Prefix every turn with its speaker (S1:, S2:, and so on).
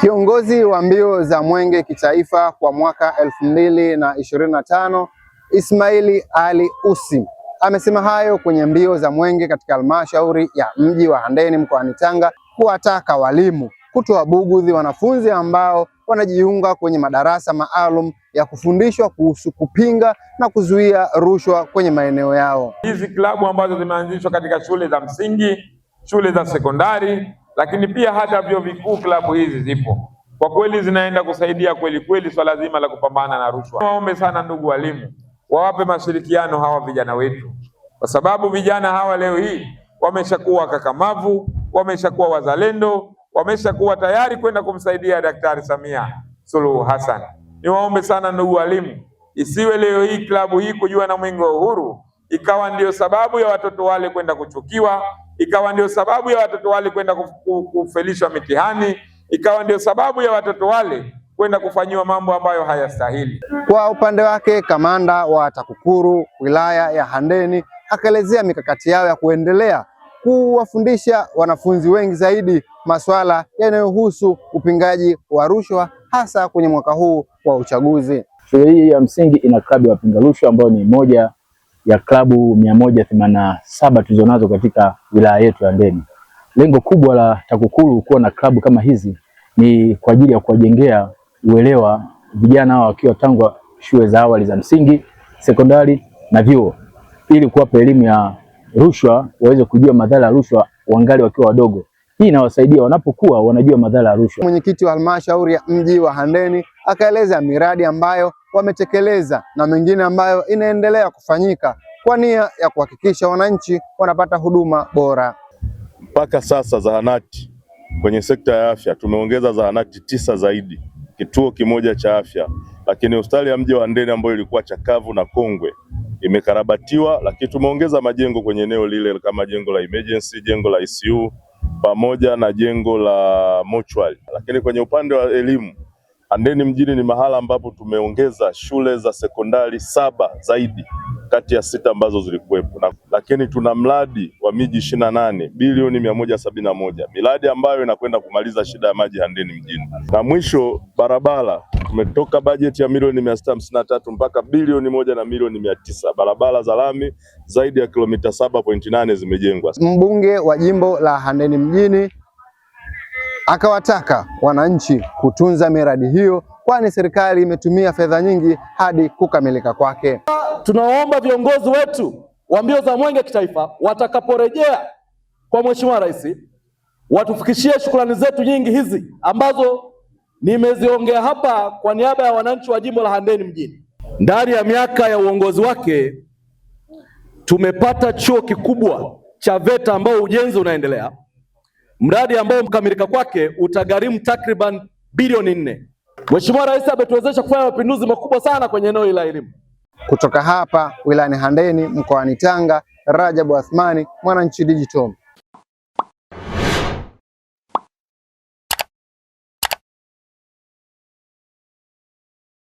S1: Kiongozi wa mbio za mwenge kitaifa kwa mwaka elfu mbili na ishirini na tano Ismaili Ali Ussi amesema hayo kwenye mbio za mwenge katika halmashauri ya mji wa Handeni mkoani Tanga, kuwataka walimu kutowabughudhi wanafunzi ambao wanajiunga kwenye madarasa maalum ya kufundishwa kuhusu kupinga na kuzuia rushwa kwenye maeneo yao. Hizi klabu ambazo zimeanzishwa katika shule za msingi, shule za sekondari lakini pia hata vyuo vikuu klabu hizi zipo kwa kweli, zinaenda kusaidia kweli kweli swala zima la kupambana na rushwa. Waombe sana ndugu walimu, wawape mashirikiano hawa vijana wetu, kwa sababu vijana hawa leo hii wameshakuwa kakamavu, wameshakuwa wazalendo, wameshakuwa tayari kwenda kumsaidia Daktari Samia Suluhu Hassan. Niwaombe sana ndugu walimu, isiwe leo hii klabu hii kujua na mwingi wa uhuru ikawa ndiyo sababu ya watoto wale kwenda kuchukiwa ikawa ndio sababu ya watoto wale kwenda kufelishwa mitihani, ikawa ndio sababu ya watoto wale kwenda kufanyiwa mambo ambayo hayastahili.
S2: Kwa upande wake, kamanda wa TAKUKURU wilaya ya Handeni akaelezea mikakati yao ya kuendelea kuwafundisha wanafunzi wengi zaidi masuala yanayohusu upingaji wa rushwa hasa kwenye mwaka huu wa uchaguzi.
S3: Shule hii ya msingi ya wapinga rushwa ambao ni moja ya klabu mia moja themanini na saba tulizonazo katika wilaya yetu ya Mbeni. Lengo kubwa la TAKUKURU kuwa na klabu kama hizi ni kwa ajili ya kuwajengea uelewa vijana hao wakiwa tangwa shule za awali za msingi, sekondari na vyuo, ili kuwapa elimu ya rushwa, waweze kujua madhara ya rushwa wangali wakiwa wadogo. Hii inawasaidia wanapokuwa wanajua madhara ya rushwa.
S2: Mwenyekiti wa halmashauri ya mji wa Handeni akaeleza miradi ambayo wametekeleza na mengine ambayo inaendelea kufanyika kwa nia ya kuhakikisha wananchi wanapata huduma bora.
S4: Mpaka sasa zahanati kwenye sekta ya afya tumeongeza zahanati tisa zaidi, kituo kimoja cha afya, lakini hospitali ya mji wa Handeni ambayo ilikuwa chakavu na kongwe imekarabatiwa, lakini tumeongeza majengo kwenye eneo lile kama jengo la emergency, jengo la ICU pamoja na jengo la mochwali. Lakini kwenye upande wa elimu Handeni mjini ni mahala ambapo tumeongeza shule za sekondari saba zaidi kati ya sita ambazo zilikuwepo, lakini tuna mradi wa miji ishirini na nane bilioni mia moja sabini na moja miradi ambayo inakwenda kumaliza shida ya maji Handeni mjini. Na mwisho barabara, tumetoka bajeti ya milioni mia sita hamsini na tatu mpaka bilioni moja na milioni mia tisa Barabara za lami zaidi ya kilomita saba pointi nane zimejengwa.
S2: Mbunge wa jimbo la Handeni mjini Akawataka wananchi kutunza miradi hiyo, kwani serikali imetumia fedha nyingi hadi kukamilika kwake.
S5: Tunawaomba viongozi wetu wa mbio za mwenge kitaifa watakaporejea kwa Mheshimiwa Rais watufikishie shukrani zetu nyingi hizi ambazo nimeziongea hapa kwa niaba ya wananchi wa jimbo la Handeni mjini. Ndani ya miaka ya uongozi wake tumepata chuo kikubwa cha VETA ambao ujenzi unaendelea mradi ambao mkamilika kwake utagharimu takriban bilioni nne. Mheshimiwa Rais ametuwezesha kufanya mapinduzi makubwa sana kwenye eneo hili la elimu.
S2: Kutoka hapa wilayani Handeni mkoani Tanga, Rajabu Athmani, Mwananchi Digital.